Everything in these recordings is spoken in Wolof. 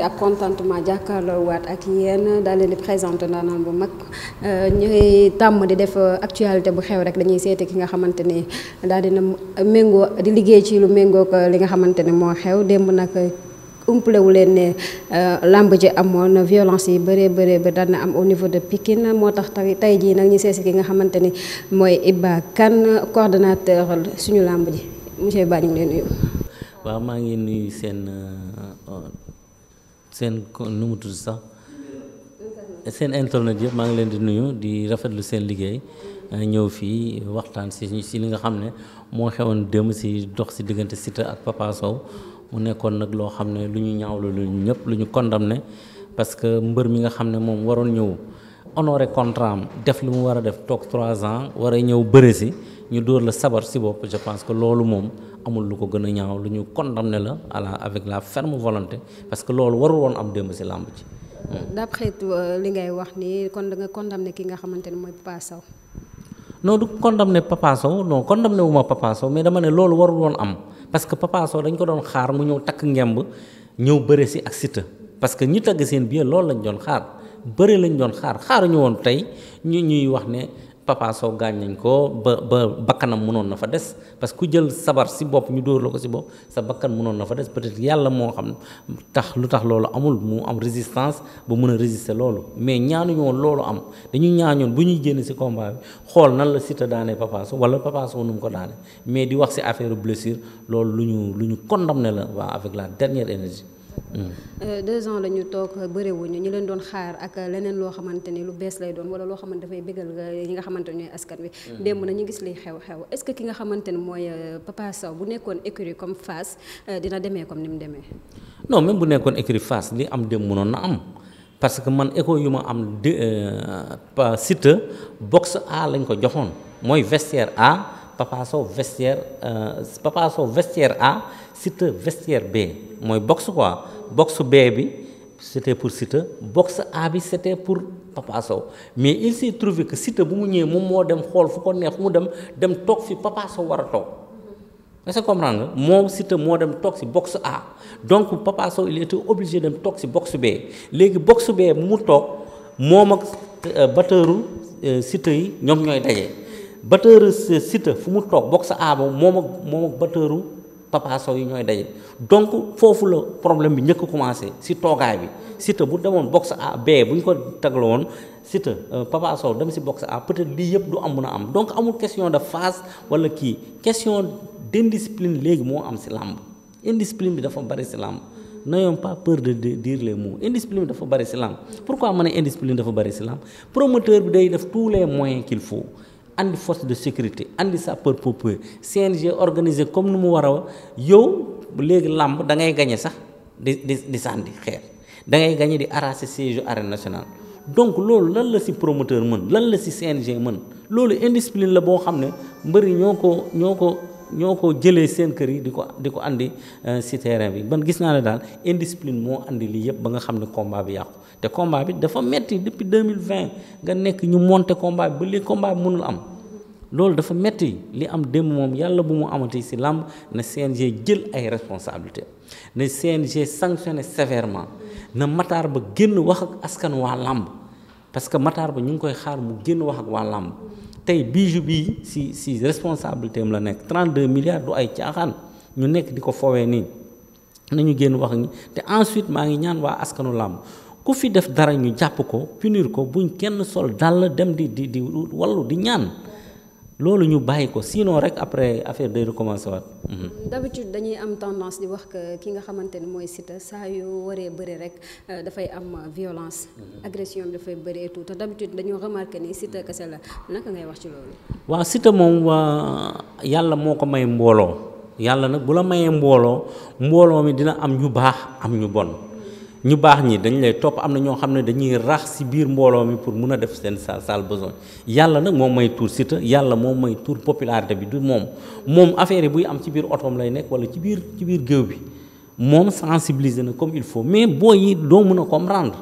ak contentement jàkkaarloo waat ak yéen daal leen di présenté ndaanaan bu mag euh, ñuy tàmm di def euh, actualité bu xew rek dañuy seeti ki nga xamante ni daal dina méngoo di liggéey ci lu méngoo li nga xamante ni moo xew démb nag umpale wu leen ne euh, làmb ji amoon violence yi bëre bëree ba daan na am au niveau de Pikine moo tax tey jii nag ñu seesi ki nga xamante ni mooy Iba kan coordinateur suñu làmb ji monsieur Ba ñu ngi leen nuyu. waaw maa ngi nuyu seen seen nu mu tudd sax seen internet yëpp maa ngi leen di nuyu di rafetlu seen liggéey euh, ñëw fii waxtaan si si li nga xam ne moo xewoon démb si dox si diggante Siteu ak Papa Sow mu nekkoon nag loo xam ne lu ñu ñaawlu lu ñu ñëpp lu ñu condamné parce que mbër mi nga xam ne moom waroon ñëw honoré contrat am def lu mu war a def toog trois ans war a ñëw bëre si ñu dóor la sabar si bopp je pense que loolu moom amul lu ko gën a ñaaw lu ñu condamné la à avec la ferme volonté parce que loolu warul woon am démb si làmb ci hmm. d'après li ngay wax ni kon da nga condamné ki nga xamante ne mooy Papa noo du condamné Papa Sow non condamné wu ma Papa Sow mais dama ne loolu warul woon am parce que Papa dañ ko doon xaar mu ñëw takk ngemb ñëw bëre si ak parce que ñi tagg seen biir loolu lañ doon xaar bëri lañ doon xaar xaaruñu woon tey ñu ñuy wax ne Papa Sow gaañ nañ ko ba ba bakkanam mënoon na fa des parce que ku jël sabar si bopp ñu dóor la ko si bopp sa bakkan mënoon na fa des peut-être yàlla moo xam tax lu tax loolu amul mu am résistance ba mun a résister loolu mais ñaanuñu woon loolu am dañu ñaañoon bu ñuy génn si combat xool nan la Siteu daane Papa Sow wala Papa Sow ko daane mais di wax si affaire blessure loolu lu ñu lu ñu condamné la waa avec la dernière énergie Mm. Euh, deux ans la ñu toog euh, bëriwuñu ñu leen doon xaar ak leneen loo xamante ni lu bees lay doon wala loo xamante dafay bégal euh, ñi nga xamante ñooy askan wi. Mm. démb na ñu gis liy xew-xew est-ce que ki nga xamante ni mooy Papa bu nekkoon écurie comme Fass dina demee comme ni mu demee. non même bu nekkoon écurie Fass li am démb mënoon na am. parce que man écho yu ma am de site box A lañ ko joxoon mooy vestière A Papa Sow vestiaire Papa Sow A Siteu vestiaire B mooy box quoi box B bi c'était pour Siteu box A bi c'était pour Papa mais il s'est trouvé que Siteu bu mu ñëwee moom moo dem xool fu ko neex mu dem dem toog fi Papa war a toog est-ce que comprendre nga moo dem toog si box donc Papa Sow dem toog si box B léegi box B bu mu toog moom ak euh, batteuru euh, Siteu yi ñoom ñooy daje batteuru euh, Siteu fu mu toog box A ba moom ak moom Papa yi ñooy daje donc foofu la problème bi njëkk commencé si toogaay bi Siteu bu demoon boxe A B bu ñu ko tagla woon Siteu euh, Papa dem si boxe A peut-être lii yëpp du am mun am donc amul question de phase wala kii question d'indiscipline léegi moo am si làmb indiscipline bi dafa bari si làmb n'ayons pas peur de dire les mots indiscipline bi dafa bari si làmb pourquoi ma ne indiscipline dafa bari si làmb promoteur bi day def tous les moyens qu'il faut andi force de sécurité andi sapeur pompier CNG organisé comme nu mu war a yow léegi làmb da ngay gañe sax di di di sànni xeer da ngay gañe di arracher siège arène nationale donc loolu lan la si promoteur mën lan la ci CNG mën loolu indiscipline la boo xam ne mbër yi ñoo ko ñoo ko ñoo ko jëlee seen kër yi di ko di ko andi si euh, terrain bi ban gis naa ne daal indiscipline moo indi lii yëpp ba nga xam ne combat bi yàqu te combat bi dafa metti depuis 2020 nga nekk ñu monter combat bi ba mënul am loolu dafa metti li am démb moom yàlla bu mu amati si làmb na CNG jël ay responsabilité na CNG sanctionné sévèrement na Matar Ba génn wax ak askan waa làmb parce que Matar Ba ñu ngi koy xaar mu génn wax ak waa làmb tey bijou bi si ci am la nekk 32 milliards du ay caaxaan ñu nekk di ko foowee nii nañu génn wax ñi te ensuite maa ngi ñaan waa askanu làmb ku fi def dara ñu jàpp ko punir ko bu buñ kenn sol dàll dem di di di wallu di ñaan loolu ñu bàyyi ko sinoo rek après affaire day recommencer waat. Mm-hmm. d'habitude dañuy am tendance di wax que ki nga xamante ni mooy Siteu saa yu waree bëri rek euh, dafay am euh, violence. Mm-hmm. agression bi dafay bëri et tout te d'habitude dañoo remarqué ni Siteu kese la naka ngay wax ci loolu. waaw Siteu moom waa yàlla moo ko may mbooloo yàlla nag bu la mayee mbooloo mbooloo mi dina am ñu baax am ñu bon. ñu baax ñi dañ lay topp am na ñoo xam ne dañuy rax si biir mbooloo mi pour mun a def seen sa saal besoin yàlla nag moom may tuur Siteu yàlla moom may tour popularité bi du moom moom affaire buy am ci biir otoom lay nekk walla ci biir ci biir géew bi moom sensibiliser na comme il faut mais boo yi doo mun a comprendre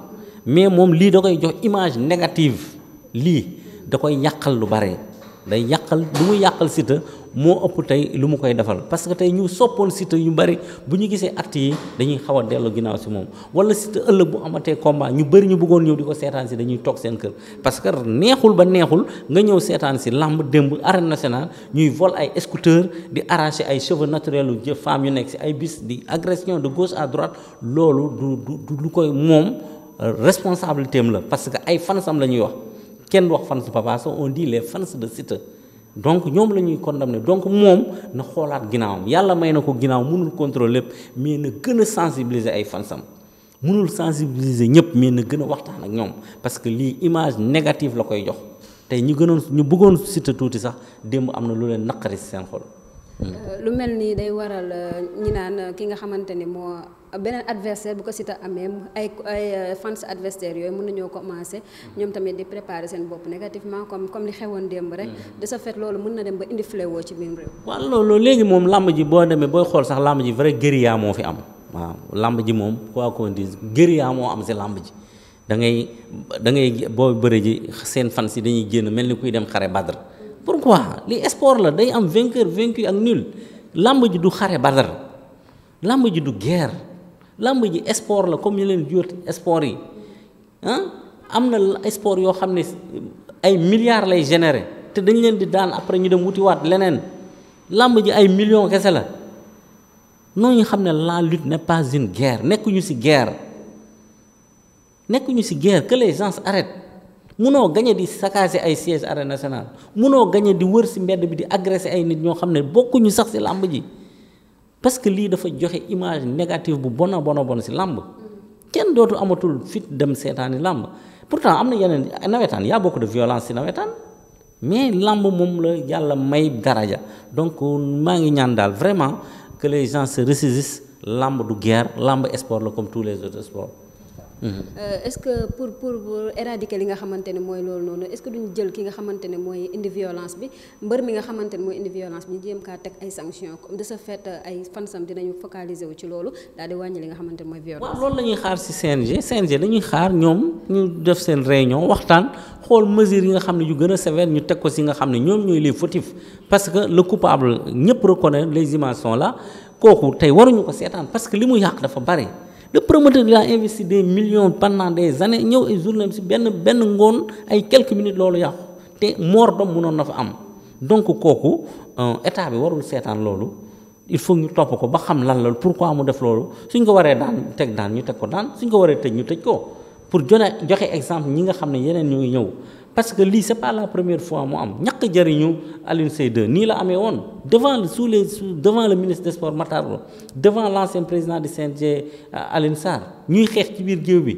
mais moom lii da koy jox image négative lii da koy yàqal lu bare day yàqal lu muy yàqal Siteu moo ëpp tey lu mu koy defal parce que tey ñu soppoon Siteu ñu bari bu ñu gisee acte yi dañuy xaw dellu ginnaaw si moom wala Siteu ëllëg bu amatee combat ñu bari ñu bëggoon ñëw di ko seetaan si dañuy toog seen kër parce que neexul ba neexul nga ñëw seetaan si làmb démb arène nationale ñuy vol ay scooter di arracher ay cheveux naturels yu femmes yu nekk si ay bis di agression de gauche à droite loolu du du du koy moom responsabilité am la parce que ay fansam la ñuy wax kenn wax fans Papa Sow on dit de Siteu donc ñoom la ñuy ne donc moom na xoolaat ginnaawam yàlla may na ko ginnaaw mënul contrôler lépp mais na gën a sensibiliser ay fansam mënul sensibiliser ñëpp mais na gën a waxtaan ak ñoom parce que lii image négative la koy jox tey ñi gënoon ñu bëggoon Siteu tuuti sax démb am na lu leen naqari seen xol. Euh, lu mel nii day waral euh, ñi naan euh, ki nga xamante ni moo beneen adversaire bu ko Siteu amee ay ay fans adversaire yooyu na nañoo commencé ñoom tamit di préparer seen bopp négativement comme comme li xewoon démb rek. Mm. de ce fait loolu mën na dem ba indi woo ci biir réew. waaw loolu léegi moom làmb ji boo demee booy xool sax làmb ji vrai guérilla moo fi am waaw làmb ji moom quoi qu'on dise guérilla moo am si làmb ji da ngay da ngay boo bëri ji seen fans yi dañuy génn mel ni kuy dem xare Badr. pourquoi li sport la day am vainqueur vaincu ak nul làmb ji du xare badar làmb ji du guerre làmb ji sport la comme ñu leen jóot sport yi am na sport yoo xam ne ay milliards lay générer te dañ leen di daan après ñu dem wutiwaat leneen làmb ji ay millions kese la noonu ñu xam ne la lutte n'est pas une guerre nekkuñu si guerre nekkuñu si guerre que les gens munoo gañe di saccager ay siège arène nationale munoo gañe di wër si mbedd bi di agresser ay nit ñoo xam ne bokkuñu sax si làmb ji parce que lii dafa joxe image négative bu bona bona bon si làmb kenn dootu amatul fit dem seetaani làmb pourtant am na yeneen nawetaan yaa beaucoup de violence si nawetaan mais làmb moom la yàlla may daraja donc maa ngi ñaan daal vraiment que les gens se ressaisissent làmb du guerre làmb sport la comme tous les autres sports Euh, est-ce que pour pour éradiquer li nga xamante ne mooy loolu noonu est-ce que duñu jël ki nga xamante ne mooy indi violence bi mbër mi nga xamante ne mooy indi violence bi ñu jéem kaa teg ay sanctions comme de ce fait ay fansam dinañu focaliser wu ci loolu daal wàññi li nga xamante ne mooy violence. waaw loolu la ñuy xaar ci CNG CNG dañuy xaar ñoom ñu def seen réunion waxtaan xool mesures yi nga xam ne yu gën a sévère ñu teg ko si nga xam ne ñoom ñooy les fautifs parce que le coupable ñëpp les images sont kooku tey waruñu ko parce que li mu yàq dafa bari le promoteur il a investi des millions pendant des années ñëw ay journée si benn benn ngoon ay quelques minutes loolu yàqu te moor doom mënoon na fa am donc kooku euh, état bi warul seetaan loolu il faut ñu topp ko ba xam lan la pourquoi mu def loolu suñ ko waree daan teg daan ñu teg ko daan suñ ko waree tëj ñu tëj ko pour joxe joxe exemple ñi nga xam ne yeneen ñu ngi ñëw parce que lii c' est la première fois mu am ñàkk jëriñu Alioune Seye 2 nii la amee woon devant sous les devant le ministre des sports Matar Lo devant l' ancien président du CNG euh, Alioune Sarr ñuy xeex ci biir géew bi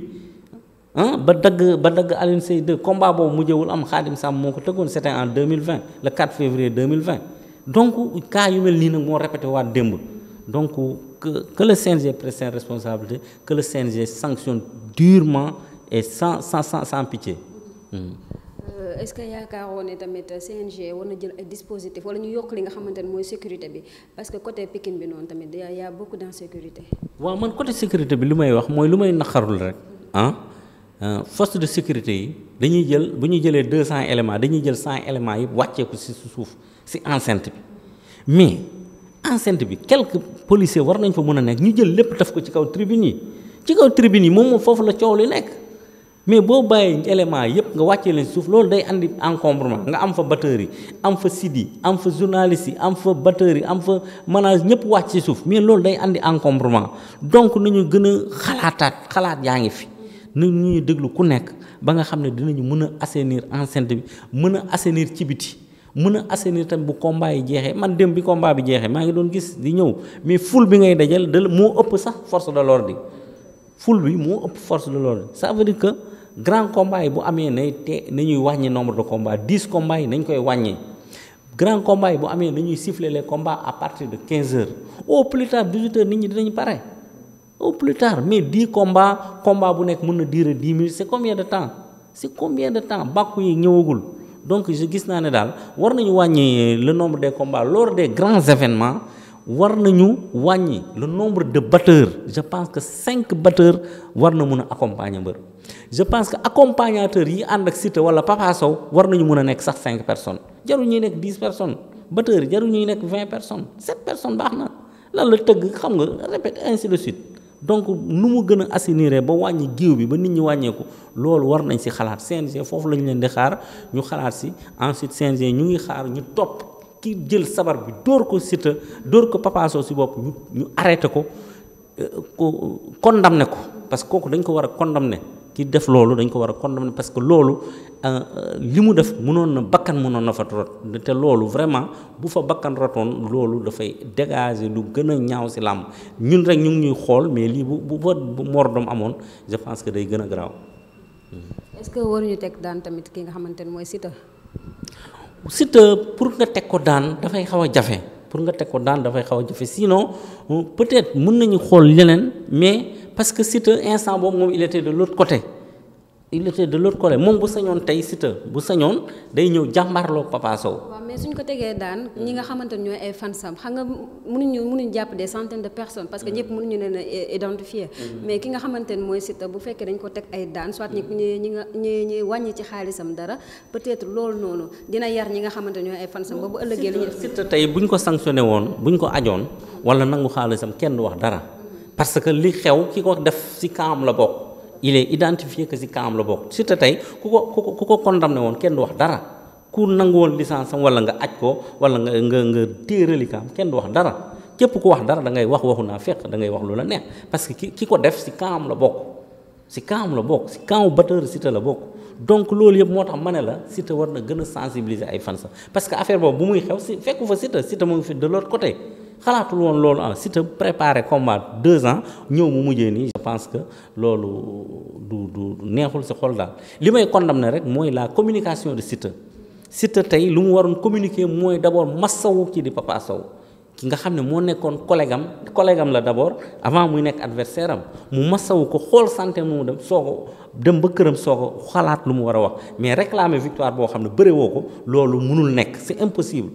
ah ba dagg ba dagg Alioune Seye 2 combat boobu mujjewul am Khadim Samb moo ko tëggoon c' était en 2020 le 4 février 2020 donc cas yu mel nii nag moo répété waat démb donc que que le CNG prenne ses responsabilités que le CNG sanctionne durement et sans sans sans sans est-ce que yaakaaroon ne tamit CNG war na jël ay dispositifs wala ñu yokk li nga xamante ne mooy sécurité bi parce que côté Pikine bi noonu tamit y' a y' a beaucoup man côté sécurité bi lu may wax mooy lu may naqarul rek ah euh, force de sécurité yi dañuy jël bu ñu jëlee deux cents éléments dañuy jël cent éléments yëpp wàccee si ci suuf ci enceinte bi mais enceinte bi quelques policiers war nañ fa mën a nekk ñu jël lépp taf ko ci kaw tribune yi ci kaw tribune yi moom moom foofu la coow li nekk. mais boo bàyyee élément yëpp nga wàccee leen suuf loolu day andi encombrement nga am fa batteur yi am fa site am fa journaliste yi am fa batteur yi am fa manage ñëpp wàcc ci suuf mais loolu day andi encombrement donc nañu gën a xalaataat xalaat yaa ngi fi nu ñuy déglu ku nekk ba nga xam ne dinañu mën a assainir enceinte bi mën a assainir ci biti mën a assainir tamit bu combat yi jeexee man dem bi combat bi jeexee maa ngi doon gis di ñëw mais ful bi ngay dajal dal moo ëpp sax force de l'ordre ful bi moo ëpp force de grand combat yi bu amee nay te nañuy wàññi nombre de combat dix combats yi nañ koy wàññee grand combat yi bu amee nañuy siffler les combats à partir de quinze heures au plus tard dix-huit heures nit ñi dinañu pare au plus tard mais dix combats combat bu nekk mën na durer dix minutes c'est de temps c'est combien de temps bàkku yi ñëwagul donc je gis naa ne daal war nañu wàññi le nombre des combats lors des grands événements war nañu wàññi le nombre de batteurs je pense que cinq batteurs war na mun a accompagner mbër je pense que accompagnateur yi ànd ak Siteu wala Papa Sow war nañu mun a nekk sax cinq personnes jarul ñuy nekk dix personnes batteur jarul ñuy nekk vingt personnes sept personnes baax na lan la tëgg xam nga répète ainsi de suite donc nu mu gën a assainir ba wàññi géew bi ba nit ñi wàññeeku loolu war nañ si xalaat CNG foofu la ñu leen di xaar ñu xalaat si ensuite CNG ñu ngi xaar ñu topp. ki jël sabar bi dóor ko Siteu dóor ko Papa si bopp ñu ñu arrêté ko euh, ne ko parce que kooku dañ ko war a kondam ne ki def loolu dañ ko war a condamné parce que loolu euh, euh, li mu def mënoon na bakkan mënoon na fa rot te loolu vraiment bu fa bakkan rotoon loolu dafay dégager lu gën a ñaaw si làmb ñun rek ñu ngi ñuy xool mais lii bu bu bu mordom amoon je pense que day gën a garaaw. waruñu teg daan tamit ki nga xamante ni mooy Siteu. Siteu pour nga teg ko daan dafay xaw a jafe pour nga teg ko daan dafay xaw a jafe sinon peut-être mun nañu xool yeneen mais parce que Siteu instant boobu moom il était de l'autre côté il était moom bu sañoon tey Siteu bu sañoon day ñëw jàmbaarloo Papa Sow. waaw mais suñ ko tegee daan ñi nga xamante ne ñooy ay fansam xam nga mënuñu mënuñu jàpp des centaines de personnes. parce que ñëpp mm. mënuñu leen a identifier. Mm. mais ki nga xamante ne mooy Siteu bu fekkee dañ ko teg ay daan soit ñi ñi nga ñi ñi wàññi ci xaalisam dara peut-être lool noonu dina yar ñi nga xamante ne ñooy ay fansam. ba bu ëllëgee li ñuy def Siteu tey buñ ko sanctionné woon buñ ko ajoon. wala nangu xaalisam kenn du wax dara. Mm. parce que li xew ki ko def ci kaam la bokk. il est identifié que si kaam la bokk surtout tey ku ko ku ko ku ko condamné woon kenn du wax dara ku nangu woon licence am wala nga aj ko wala nga nga nga téerali kaam kenn du wax dara képp ku wax dara da ngay wax waxu naa fekk da ngay wax lu la neex parce que ki ki ko def si kaam la bokk si kaam la bokk si kaamu batteur Siteu la bokk donc loolu yëpp moo tax ma ne la Siteu war na gën a sensibiliser ay fan sa parce que affaire boobu bu muy xew si fekku fa Siteu Siteu mu fi de l'autre côté xalaatul woon loolu ah si te préparé combat deux ans ñëw mu mujjee nii je pense que loolu du du neexul si xool daal li may ne rek mooy la communication de Siteu Siteu tey lu mu waroon communiquer mooy d'abord massawu ci di Papa Sow ki nga xam ne moo nekkoon collègue am collègue am la d'abord avant muy nekk adversaire am mu masawu ko xool santé mu dem soo ko dem ba këram soo ko xalaat lu mu war a wax mais réclamer victoire boo xam ne bëre ko loolu mënul nekk c'est impossible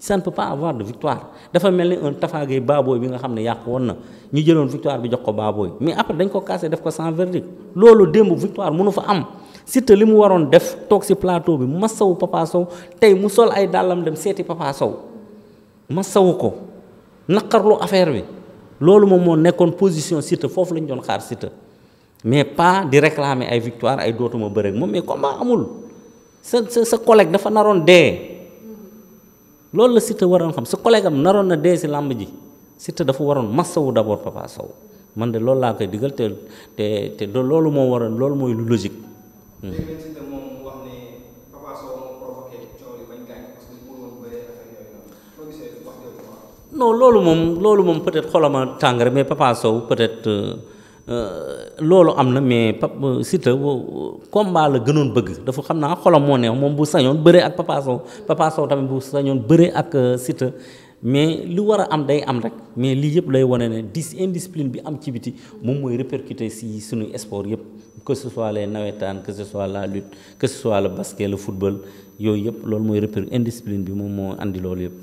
ça ne peut pas avoir de victoire dafa mel ni un tafaagay baabooy bi nga xam ne yàq woon na ñu jëloon victoire bi jox ko baabooy mais après dañ ko cassé def ko sans verdict loolu démb victoire mënu fa am Siteu li mu waroon def toog si plateau bi masawu Papa Sow tey mu sol ay dàllam dem seeti Papa ma masawu ko naqarlu affaire bi loolu moom moo nekkoon position Siteu foofu lañ doon xaar Siteu mais pas di réclamer ay victoire ay dootuma bëreeg moom mais combat amul loolu la Siteu waroon xam sa collègue naroon na dee si làmb ji Siteu dafa waroon masawu d'abord Papa Sow man de loolu laa koy digal te te te loolu moo waroon loolu mooy lu hmm. loolu moom loolu moom peut-être xolama tàng mais Papa Sow peut-être. Euh, Euh, loolu am na mais pap euh, Siteu euh, combat la gënoon bëgg dafa xam naa xolom moo neex moom bu sañoon bëre ak Papa Sow Papa Sow tamit bu sañoon bëre ak Siteu mais lu war a am day am rek mais lii yëpp lay wane ne dis indiscipline bi am ci biti moom mooy répercuter si suñu sport yëpp que ce soit les nawetaan que ce soit la lutte que ce soit le basket le football yooyu yëpp loolu mooy réper indiscipline bi moom moo indi loolu yëpp.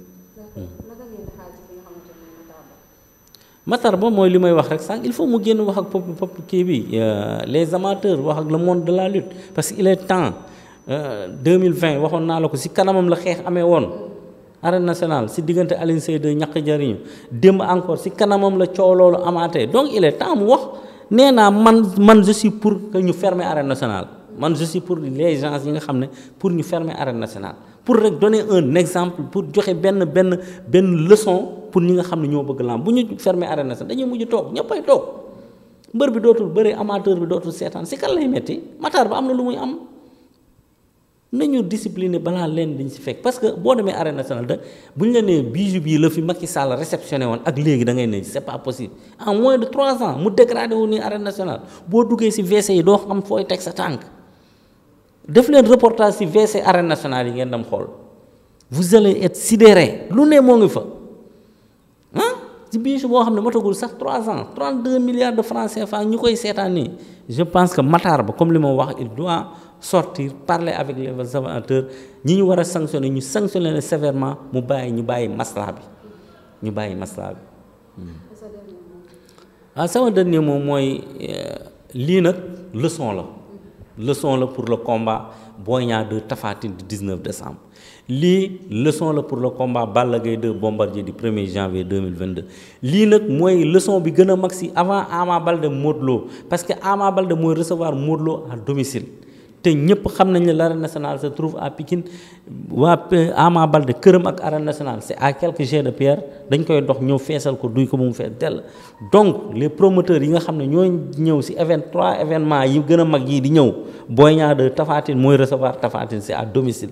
Matar Ba mooy li may wax rek sànq il faut mu génn wax ak pop pop kii bi euh, les amateurs wax ak la monde de la lutte parce que il est temps 2020 euh, waxoon naa la ko si kanamam la xeex amee woon. arène national si diggante Alioune Seye de ñàkk jariñu démb encore si kanamam la coow loolu amaatee donc il est temps mu wax nee naa man man je pour que ñu ferme arène national man je pour les gens yi nga xam ne pour ñu ferme arène national pour rek donner un exemple pour joxe benn benn benn leçon pour ñi nga xam ne ñoo bëgg làmb bu ñu fermer arène sax dañuy mujj toog ñëppay toog mbër bi dootul bëri amateur bi dootul seetaan si kal lay metti mataar ba am na lu muy am nañu discipliné balaa leen diñ si fekk parce que boo demee arène nationale da bu ñu la nee bijou bii la fi Macky Sall woon ak léegi da ngay ne c'est pas possible en moins de trois ans mu dégradé wu ni arène nationale boo duggee si WC yi doo xam fooy sa tànk def leen reportage ci VC arène nationale yi ngeen dem xool vous allez être sidéré lu ne moo ngi fa ah ci biir boo xam ne matagul sax 3 ans 32 milliards de francs CFA ñu koy seetaan nii je pense que Matar Ba comme li ma wax il doit sortir parler avec les amateurs ñi ñu war a sanctionner ñu sanctionner leen sévèrement mu bàyyi ñu bàyyi maslaa bi ñu bàyyi maslaa bi. waaw hmm. ah, sama dernier mot mooy euh, lii nag leçon la. leçon la pour le combat Boy Niang 2 Tapha Tine di 19 décembre lii leçon la pour le combat Balla Gaye 2 Bombardier di deux er janvier 2022 lii nag mooy leçon bi gën a mag si avant Ama Baldé Modou Lo parce que Ama mooy recevoir Modou Lo à domicile te ñëpp xam nañ ne l'arène nationale se trouve à Pikine waa Ama Baldé këram ak arène nationale c'est à quelques jets de pierre dañ koy dox ñëw feesal ko duy ko mu fees dell donc les promoteurs yi nga xam ne ñooy ñëw si évén trois événements yi gën a mag yii di ñëw Boy Niang 2 Tapha mooy recevoir Tapha Tine c'est à domicile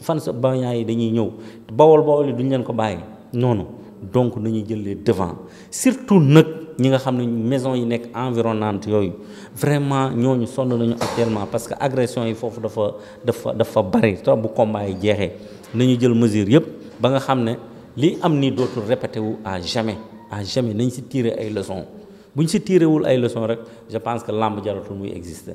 fan sa Boy Niang yi dañuy ñëw Bawol Bawol yi duñ leen ko bàyyi noonu donc nañuy jël les devants surtout nag ñi nga xam ne maison yi nekk environnante yooyu vraiment ñooñu sonn nañu actuellement parce que agression yi foofu dafa dafa dafa bari to bu combat yi jeexee nañu jël mesure yëpp ba nga xam ne li am nii dootul répété wu à jamais à jamais nañ si tiire ay leçons bu ñu si tirer ay leçons rek je pense que làmb jaratul muy exister.